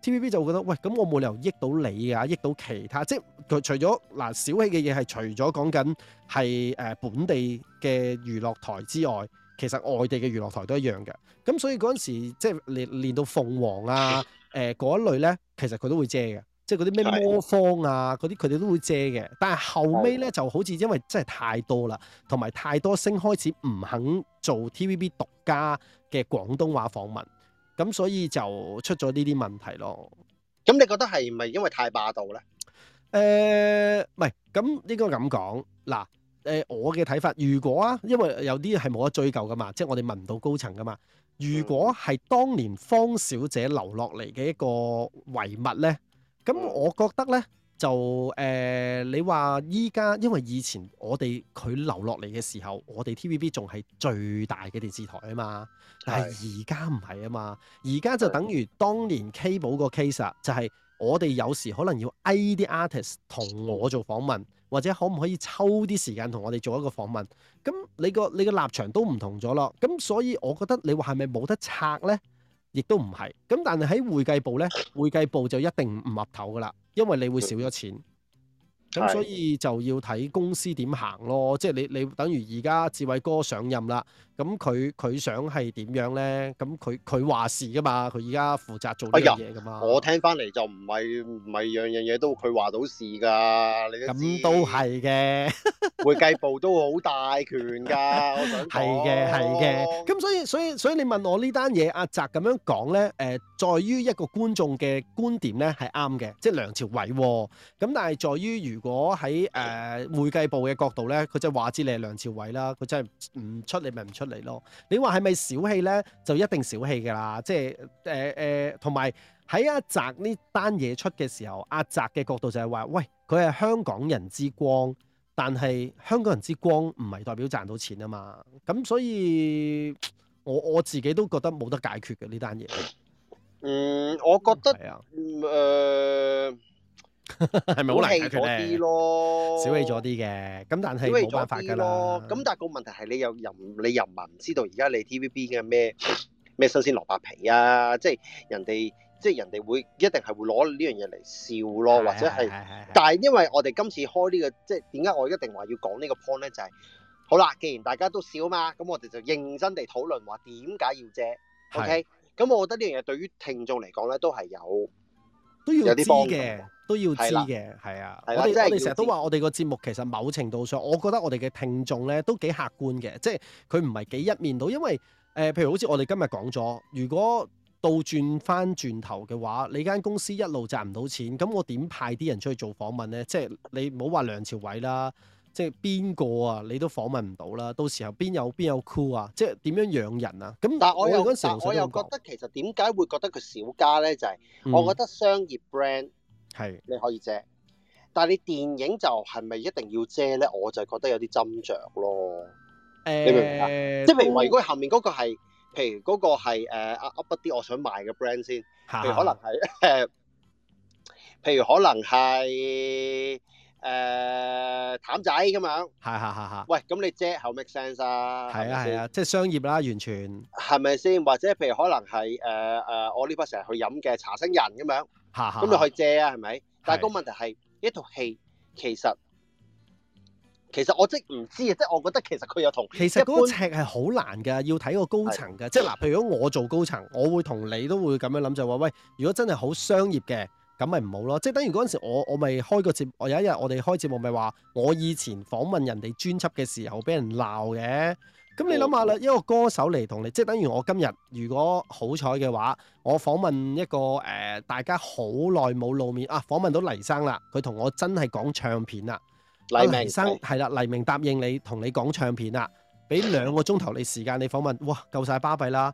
T.V.B. 就會覺得，喂，咁我冇理由益到你㗎、啊，益到其他，即係佢除咗嗱、啊、小氣嘅嘢係除咗講緊係誒本地嘅娛樂台之外，其實外地嘅娛樂台都一樣嘅。咁所以嗰陣時即係練練到鳳凰啊誒嗰、呃、一類咧，其實佢都會遮嘅，即係嗰啲咩魔方啊嗰啲，佢哋 都會遮嘅。但係後尾咧就好似因為真係太多啦，同埋太多星開始唔肯做 T.V.B. 獨家嘅廣東話訪問。咁所以就出咗呢啲問題咯。咁你覺得係咪因為太霸道咧？誒、呃，唔係，咁應該咁講嗱。誒、呃，我嘅睇法，如果啊，因為有啲嘢係冇得追究噶嘛，即係我哋問唔到高層噶嘛。如果係當年方小姐留落嚟嘅一個遺物咧，咁我覺得咧。就誒、呃，你話依家，因為以前我哋佢留落嚟嘅時候，我哋 T.V.B. 仲係最大嘅電視台啊嘛。但係而家唔係啊嘛，而家就等於當年 K 寶個 case 啊，就係我哋有時可能要挨啲 artist 同我做訪問，或者可唔可以抽啲時間同我哋做一個訪問？咁你個你個立場都唔同咗咯。咁所以我覺得你話係咪冇得拆呢？亦都唔係。咁但係喺會計部呢，會計部就一定唔岌頭㗎喇。因為你會少咗錢。咁所以就要睇公司點行咯，即係你你等於而家志偉哥上任啦，咁佢佢想係點樣咧？咁佢佢話事噶嘛，佢而家負責做呢樣嘢噶嘛，哎？我聽翻嚟就唔係唔係樣樣嘢都佢話到事噶。你咁都係嘅， 會計部都好大權噶。係嘅係嘅。咁 所以所以所以，所以你問我呢單嘢，阿澤咁樣講咧，誒、呃、在於一個觀眾嘅觀點咧係啱嘅，即、就、係、是、梁朝偉，咁但係在於如果如果喺誒、呃、會計部嘅角度咧，佢就話知你係梁朝偉啦，佢真係唔出你咪唔出你咯。你話係咪小氣咧？就一定小氣㗎喇。即係誒誒，同埋喺阿澤呢單嘢出嘅時候，阿澤嘅角度就係話：喂，佢係香港人之光，但係香港人之光唔係代表賺到錢啊嘛。咁所以我我自己都覺得冇得解決嘅呢單嘢。嗯，我覺得誒。呃係咪好難解決啲咯，咯？小氣咗啲嘅。咁但係冇辦法噶啦。咁但係個問題係你又又你又唔係唔知道而家你 TVB 嘅咩咩新鮮蘿蔔皮啊，即係人哋即係人哋會一定係會攞呢樣嘢嚟笑咯，或者係。是是是是但係因為我哋今次開呢，這個即係點解我一定話要講呢個 point 咧，就係、是、好啦。既然大家都笑啊嘛，咁我哋就認真地討論話點解要遮。是是 OK，咁我覺得呢樣嘢對於聽眾嚟講咧都係有。都要知嘅，都要知嘅，係啊！我哋我哋成日都話，我哋個節目其實某程度上，我覺得我哋嘅聽眾咧都幾客觀嘅，即係佢唔係幾一面倒，因為誒、呃，譬如好似我哋今日講咗，如果倒轉翻轉頭嘅話，你間公司一路賺唔到錢，咁我點派啲人出去做訪問咧？即係你唔好話梁朝偉啦。即係邊個啊？你都訪問唔到啦。到時候邊有邊有 Cool 啊？即係點樣養人啊？咁，但係我又嗰陣時，我又覺得其實點解會覺得佢少加咧？就係我覺得商業 brand 係你可以遮，但係你電影就係咪一定要遮咧？我就覺得有啲斟酌咯。誒，你明唔明啊？即係譬如，如果後面嗰個係，譬如嗰個係誒，up up 不啲，我想賣嘅 brand 先，譬如可能係，譬如可能係。誒，譚、呃、仔咁樣，係係係係。啊、喂，咁你借口 make sense 啊？係啊係吧啊，即係商業啦，完全係咪先？或者譬如可能係誒誒，我呢筆成日去飲嘅茶星人咁樣，嚇咁、啊、你去借啊，係咪？啊、但係個問題係，呢套戲其實其實我即唔知啊，即係我覺得其實佢有同，其實嗰個尺係好難噶，要睇個高層噶，即係嗱，譬、啊、 如果我做高層，我會同你都會咁樣諗就話、是，喂，如果真係好商業嘅。咁咪唔好咯，即係等於嗰陣時我我咪開個節，我有一日我哋開節目咪話，我以前訪問人哋專輯嘅時候俾人鬧嘅，咁你諗下啦，的一個歌手嚟同你，即係等於我今日如果好彩嘅話，我訪問一個誒、呃、大家好耐冇露面啊，訪問到黎生啦，佢同我真係講唱片啦，黎明，係啦、啊，黎明答應你同你講唱片啦，俾兩個鐘頭你時間你訪問，哇，夠晒巴閉啦，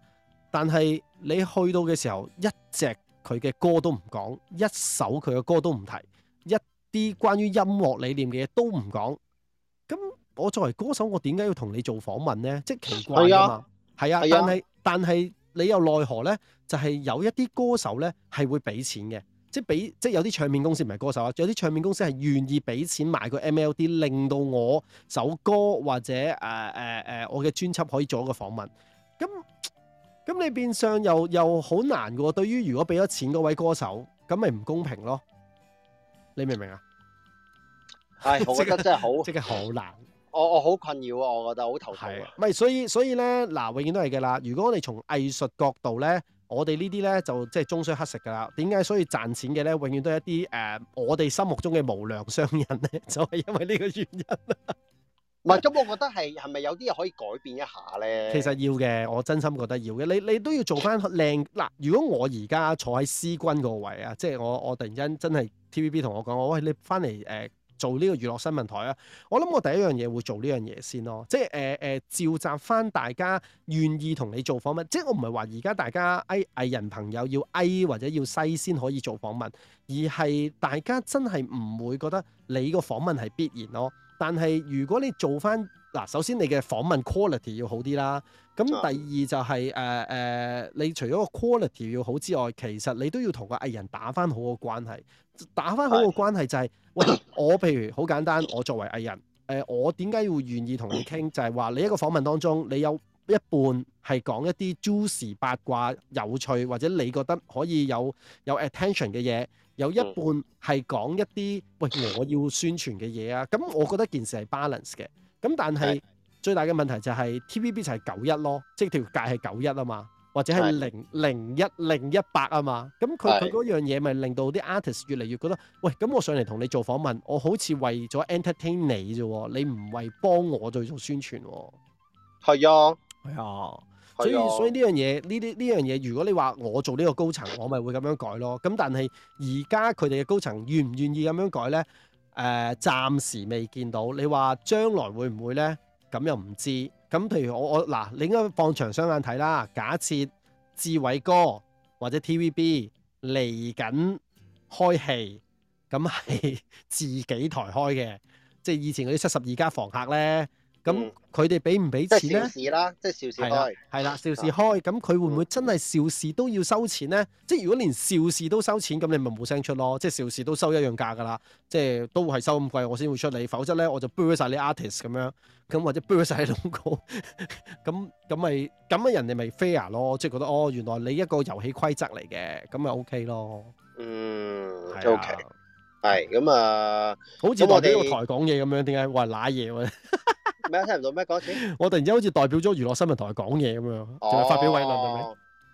但係你去到嘅時候一直……佢嘅歌都唔講，一首佢嘅歌都唔提，一啲關於音樂理念嘅嘢都唔講。咁我作為歌手，我點解要同你做訪問呢？即係奇怪啊嘛，係啊。但係但係你又奈何呢？就係、是、有一啲歌手呢係會俾錢嘅，即係俾即係有啲唱片公司唔係歌手啊，有啲唱片公司係願意俾錢買個 MLD，令到我首歌或者誒誒、呃呃呃、我嘅專輯可以做一個訪問。咁咁你變相又又好難噶喎，對於如果俾咗錢嗰位歌手，咁咪唔公平咯？你明唔明啊？係、哎，我覺得真係好，真係好難我。我我好困擾、啊，我覺得好頭痛、啊。係，唔係所以所以咧，嗱，永遠都係嘅啦。如果我哋從藝術角度咧，我哋呢啲咧就即係終須乞食噶啦。點解？所以賺錢嘅咧，永遠都係一啲誒、呃，我哋心目中嘅無良商人咧，就係、是、因為呢個原因 咁我覺得係係咪有啲嘢可以改變一下咧？其實要嘅，我真心覺得要嘅。你你都要做翻靚嗱。如果我而家坐喺 C 君個位啊，即係我我突然間真係 TVB 同我講，喂，你翻嚟誒做呢個娛樂新聞台啊。我諗我第一樣嘢會做呢樣嘢先咯。即係誒誒召集翻大家願意同你做訪問。即係我唔係話而家大家藝藝人朋友要藝或者要西先可以做訪問，而係大家真係唔會覺得你個訪問係必然咯。但係如果你做翻嗱，首先你嘅訪問 quality 要好啲啦。咁第二就係誒誒，你除咗個 quality 要好之外，其實你都要同個藝人打翻好個關係。打翻好個關係就係、是、喂是的，我譬如好簡單，我作為藝人，誒、呃、我點解會願意同你傾？就係、是、話你一個訪問當中，你有一半係講一啲 juicy 八卦、有趣或者你覺得可以有有 attention 嘅嘢。有一半係講一啲、嗯、喂，我要宣傳嘅嘢啊，咁我覺得件事係 balance 嘅，咁但係最大嘅問題就係、是、是 TVB 就係九一咯，即係條界係九一啊嘛，或者係零零一零一百啊嘛，咁佢佢嗰樣嘢咪令到啲 artist 越嚟越覺得，喂咁我上嚟同你做訪問，我好似為咗 entertain 你啫，你唔為幫我去做宣傳，係啊呀，係啊、哎。所以所以呢樣嘢呢啲呢樣嘢，如果你話我做呢個高層，我咪會咁樣改咯。咁但係而家佢哋嘅高層願唔願意咁樣改呢？誒、呃，暫時未見到。你話將來會唔會呢？咁又唔知。咁譬如我我嗱，你應該放長雙眼睇啦。假設志偉哥或者 TVB 嚟緊開戲，咁係自己台開嘅，即係以前嗰啲七十二家房客呢。咁佢哋俾唔俾錢咧？啦，即係邵氏開，係啦，邵氏開。咁佢、嗯、會唔會真係邵氏都要收錢咧？即係如果連邵氏都收錢，咁你咪冇聲出咯。即係邵氏都收一樣價噶啦，即係都係收咁貴，我先會出你。否則咧，我就 blur 晒你 artist 咁樣，咁或者 blur 曬你 logo。咁咁咪咁啊？人哋咪 fair 咯，即係覺得哦，原來你一個遊戲規則嚟嘅，咁咪 OK 咯。嗯的，OK。係咁啊，好似我喺個台講嘢咁樣，點解話攋嘢咩啊？聽唔到咩講？我突然之間好似代表咗娛樂新聞台講嘢咁樣，就發表偉論係咪？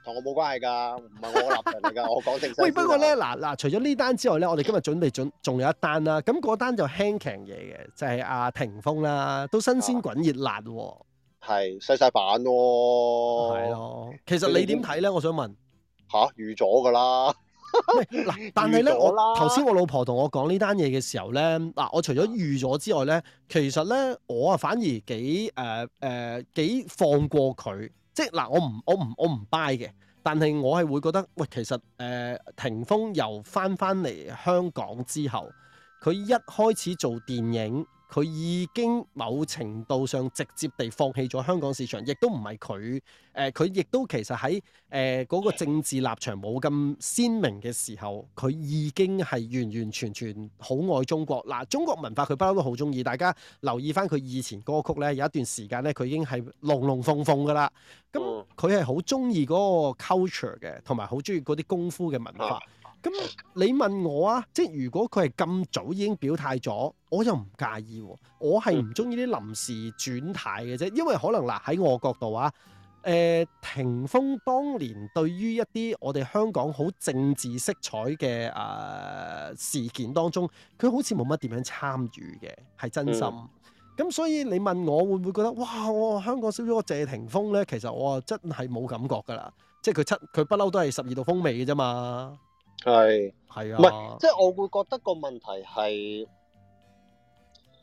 同、哦、我冇關係㗎，唔係我立人嚟㗎， 我講正事。喂，不過咧，嗱嗱，除咗呢單之外咧，我哋今日準備準仲有一單啦。咁嗰單就輕鬆嘢嘅，就係、是、阿、啊、霆鋒啦，都新鮮滾熱辣喎。係洗曬版喎。係咯、啊。其實你點睇咧？我想問。吓、啊，預咗㗎啦。喂，嗱 呢，但係咧，我頭先我老婆同我講呢單嘢嘅時候咧，嗱、啊，我除咗預咗之外咧，其實咧，我啊反而幾誒誒、呃、幾放過佢，即係嗱、啊，我唔我唔我唔 buy 嘅，但係我係會覺得，喂，其實誒、呃，霆鋒又翻翻嚟香港之後，佢一開始做電影。佢已經某程度上直接地放棄咗香港市場，亦都唔係佢誒，佢、呃、亦都其實喺誒嗰個政治立場冇咁鮮明嘅時候，佢已經係完完全全好愛中國。嗱、啊，中國文化佢不嬲都好中意，大家留意返佢以前歌曲咧，有一段時間咧，佢已經係龍龍鳳鳳㗎喇。咁佢係好中意嗰個 culture 嘅，同埋好中意嗰啲功夫嘅文化。啊咁你問我啊，即係如果佢係咁早已經表態咗，我又唔介意、啊。我係唔中意啲臨時轉態嘅啫，因為可能嗱喺、啊、我角度啊，誒、呃，霆鋒當年對於一啲我哋香港好政治色彩嘅啊、呃、事件當中，佢好似冇乜點樣參與嘅，係真心。咁、嗯、所以你問我會唔會覺得哇？我香港少咗個謝霆鋒咧，其實我真係冇感覺噶啦。即係佢七佢不嬲都係十二度風味嘅啫嘛。係係啊，唔係是即係我會覺得個問題係，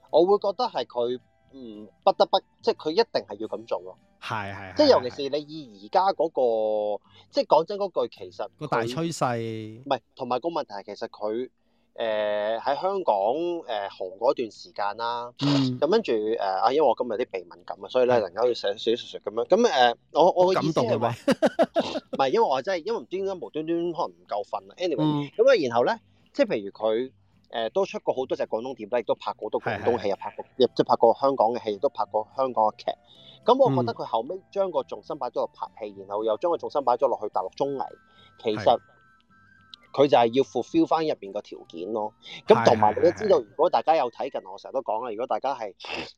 我會覺得係佢唔不得不，即係佢一定係要咁做咯。係係，即係尤其是你以而家嗰個，的即係講真嗰句，其實個大趨勢，唔係同埋個問題係，其實佢。誒喺、呃、香港誒、呃、紅嗰段時間啦，咁跟住誒啊，因為我今日啲鼻敏感啊，所以咧陣間要寫少少咁樣。咁誒、嗯，我我意思感動啊嘛，唔 係 因為我真係因為唔知點解無端端可能唔夠瞓啊。anyway，咁啊、嗯，然後咧，即係譬如佢誒、呃、都出過好多隻廣東碟啦，亦都拍過好多廣東戲啊，是是是又拍過即係拍過香港嘅戲，亦都拍過香港嘅劇。咁我覺得佢後尾將個重心擺咗落拍戲，然後又將個重心擺咗落去大陸綜藝，其實。是是其實佢就係要 fulfill 翻入面個條件咯，咁同埋你都知道，如果大家有睇緊，我成日都講啦，如果大家係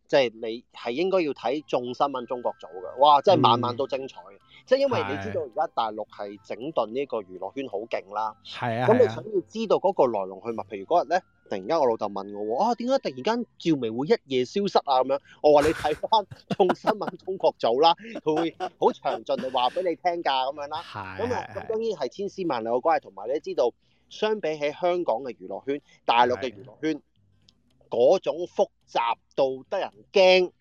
即係你係應該要睇眾新聞中國組嘅，哇！真係晚晚都精彩。嗯即係因為你知道而家大陸係整頓呢個娛樂圈好勁啦，係啊。咁你想要知道嗰個來龍去脈，譬如嗰日咧，突然間我老豆問我，啊，點解突然間趙薇會一夜消失啊？咁樣，我話你睇翻《眾新聞中國組》啦，佢會好詳盡嚟話俾你聽㗎，咁樣啦。係。咁啊，咁當然係千絲萬縷嘅關係，同埋你知道，相比起香港嘅娛樂圈，大陸嘅娛樂圈嗰種複雜到得人驚。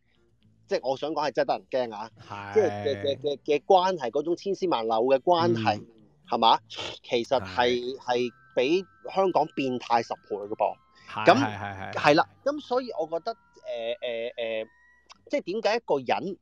即係我想講係真係得人驚啊！的即係嘅嘅嘅嘅關係，嗰種千絲萬縷嘅關係係嘛、嗯？其實係係的比香港變態十倍嘅噃。咁係係係係啦。咁那的所以我覺得誒誒誒，即係點解一個人，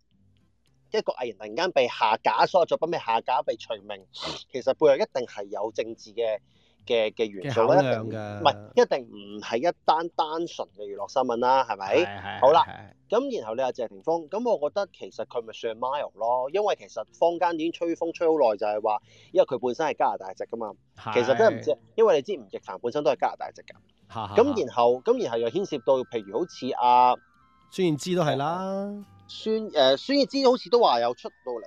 一個藝人突然間被下架，所有作品被下架被除名，其實背後一定係有政治嘅。嘅嘅元素一樣嘅，一定唔係一定唔係一單單純嘅娛樂新聞、啊、啦，係咪？呃、好啦，咁然後你阿謝霆鋒，咁我覺得其實佢咪算 mild 咯，因為其實坊間已經吹風吹好耐，就係話因為佢本身係加拿大籍噶嘛，其實真唔知，因為你知吳亦凡本身都係加拿大籍噶，咁然後咁然後又牽涉到譬如好似阿孫燕姿都係啦，孫誒孫燕姿好似都話有出到嚟，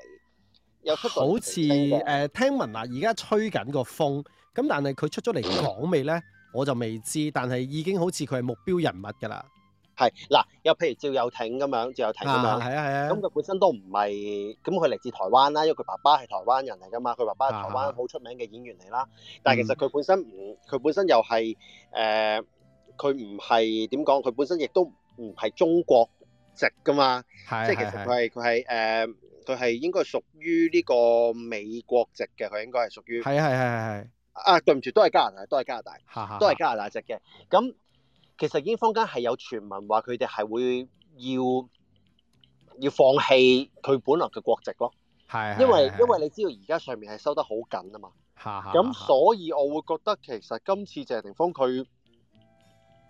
有出到好似誒聽聞啊，而家吹緊個風。咁但係佢出咗嚟講未咧？我就未知，但係已經好似佢係目標人物㗎啦。係嗱，又譬如趙又廷咁樣，趙又廷咁樣，咁佢、啊啊、本身都唔係咁。佢嚟自台灣啦，因為佢爸爸係台灣人嚟㗎嘛。佢爸爸係台灣好出名嘅演員嚟啦。啊嗯、但係其實佢本身，唔，佢本身又係誒，佢唔係點講？佢本身亦都唔係中國籍㗎嘛。啊啊啊、即係其實佢係佢係誒，佢係、呃、應該屬於呢個美國籍嘅。佢應該係屬於係係係係。啊，對唔住，都係加拿大，都係加拿大， 都係加拿大籍嘅。咁其實已經坊間係有傳聞話佢哋係會要要放棄佢本來嘅國籍咯。係。 因為 因為你知道而家上面係收得好緊啊嘛。咁 所以我會覺得其實今次謝霆鋒佢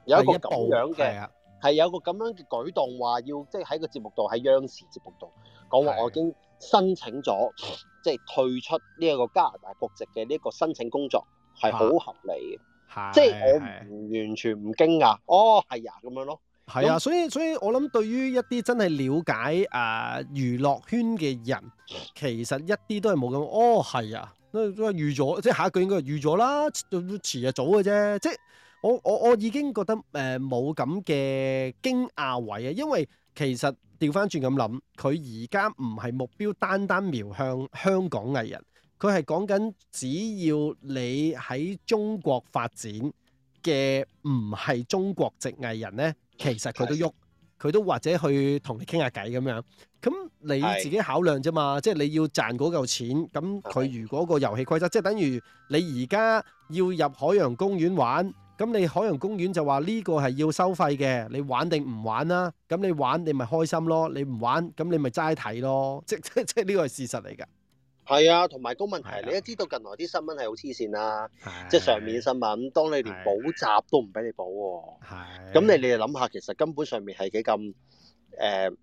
有一個咁樣嘅，係有一個咁樣嘅舉動，話要、啊、即係喺個節目度，喺央視節目度講話我已經申請咗。 即係退出呢一個加拿大國籍嘅呢一個申請工作係好合理嘅，啊啊、即係我唔完全唔驚訝。啊、哦，係啊，咁樣咯，係啊，所以所以我諗對於一啲真係了解誒、呃、娛樂圈嘅人，其實一啲都係冇咁。哦，係啊，都都預咗，即係下一句應該預咗啦，遲啊早嘅啫。即係我我我已經覺得誒冇咁嘅驚訝位啊，因為。其實調翻轉咁諗，佢而家唔係目標單單瞄向香港藝人，佢係講緊只要你喺中國發展嘅唔係中國籍藝人呢，其實佢都喐，佢的都或者去同你傾下偈咁樣。咁你自己考量啫嘛，的即係你要賺嗰嚿錢，咁佢如果個遊戲規則，的即係等於你而家要入海洋公園玩。咁你海洋公園就話呢個係要收費嘅，你玩定唔玩啦？咁你玩你咪開心咯，你唔玩咁你咪齋睇咯。即即即係呢個係事實嚟㗎。係啊，同埋個問題，你都知道近來啲新聞係好黐線啦，即上面新聞，當你連補習都唔俾你補喎。係。咁你你哋諗下，其實根本上面係幾咁誒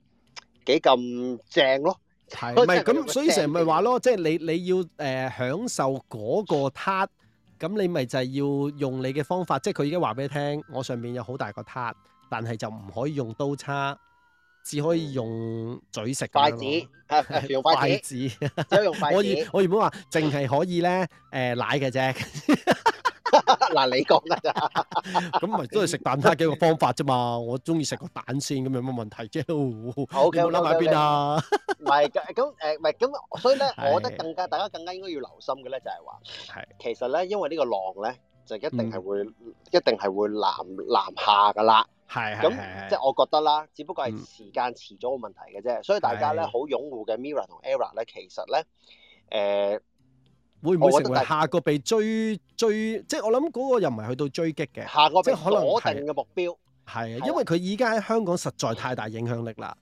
幾咁正咯？唔係咁，所以成日咪話咯，即你你要誒享受嗰個㗎。咁你咪就係要用你嘅方法，即係佢已經話俾你聽，我上面有好大個撻，但係就唔可以用刀叉，只可以用嘴食筷子，係筷子，只可以用筷子。我以我原本話淨係可以咧，誒、呃、奶嘅啫。嗱， 你講得咋？咁咪都係食蛋撻嘅一個方法啫嘛。我中意食個蛋先，咁有乜問題啫？好嘅，冇諗埋邊啊？唔係咁誒，唔係咁，所以咧，是我覺得更加大家更加應該要留心嘅咧，就係話，係其實咧，因為個呢個浪咧，就一定係會，嗯、一定係會南南下噶啦。係係咁即係我覺得啦，只不過係時間遲咗個問題嘅啫。所以大家咧好是是擁護嘅 Mirror 同 Era 咧，其實咧誒。呃呃會唔會成為下個被追追？即係我諗嗰個又唔係去到追擊嘅，下個被即係可能係嘅目標係啊，的因為佢依家喺香港實在太大影響力啦，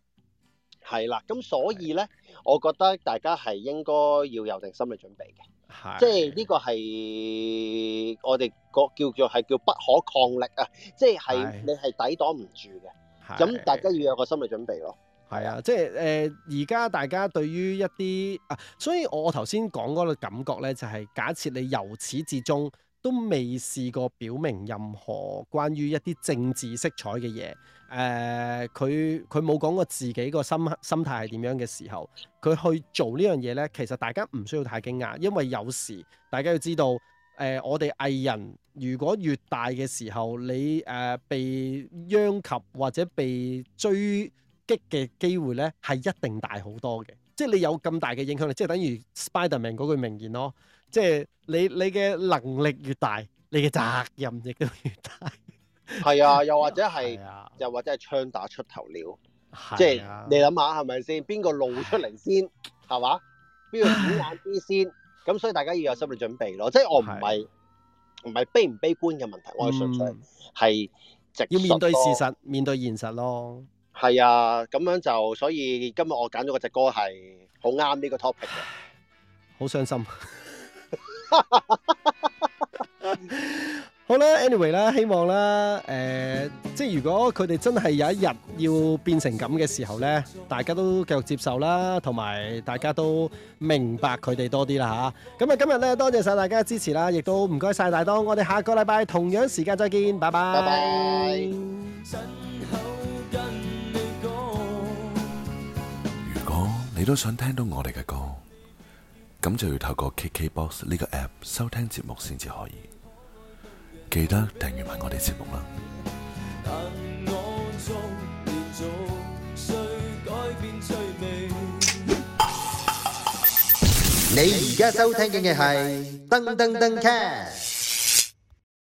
係啦。咁所以咧，的我覺得大家係應該要有定心理準備嘅，係的即係呢個係我哋個叫做係叫不可抗力啊，即係你係抵擋唔住嘅。咁的大家要有個心理準備咯。係啊，即係誒，而家大家對於一啲啊，所以我頭先講嗰個感覺咧，就係假設你由始至終都未試過表明任何關於一啲政治色彩嘅嘢，誒，佢佢冇講過自己個心心態係點樣嘅時候，佢去做呢樣嘢咧，其實大家唔需要太驚訝，因為有時大家要知道，誒，我哋藝人如果越大嘅時候，你誒被殃及或者被追激嘅機會咧，係一定大好多嘅。即係你有咁大嘅影響力，即係等於 Spiderman 嗰句名言咯。即係你你嘅能力越大，你嘅責任亦都越大。係啊，又或者係，又或者係槍打出頭鳥。即係你諗下係咪先？邊個露出嚟先？係嘛？邊個顯眼啲先？咁所以大家要有心理準備咯。即係我唔係唔係悲唔悲觀嘅問題，我純粹係直要面對事實，面對現實咯。係啊，咁樣就，所以今日我揀咗嗰隻歌係好啱呢個 topic 嘅，好傷心。好啦，anyway 啦，希望啦，誒，即係如果佢哋真係有一日要變成咁嘅時候咧，大家都繼續接受啦，同埋大家都明白佢哋多啲啦吓。咁啊，今日咧，多謝晒大家嘅支持啦，亦都唔該晒大東，我哋下個禮拜同樣時間再見，拜拜。你都想聽到我哋嘅歌，咁就要透過 KKBox 呢個 App 收聽節目先至可以。記得訂閱埋我哋節目啦！你而家收聽嘅係噔噔噔 cast。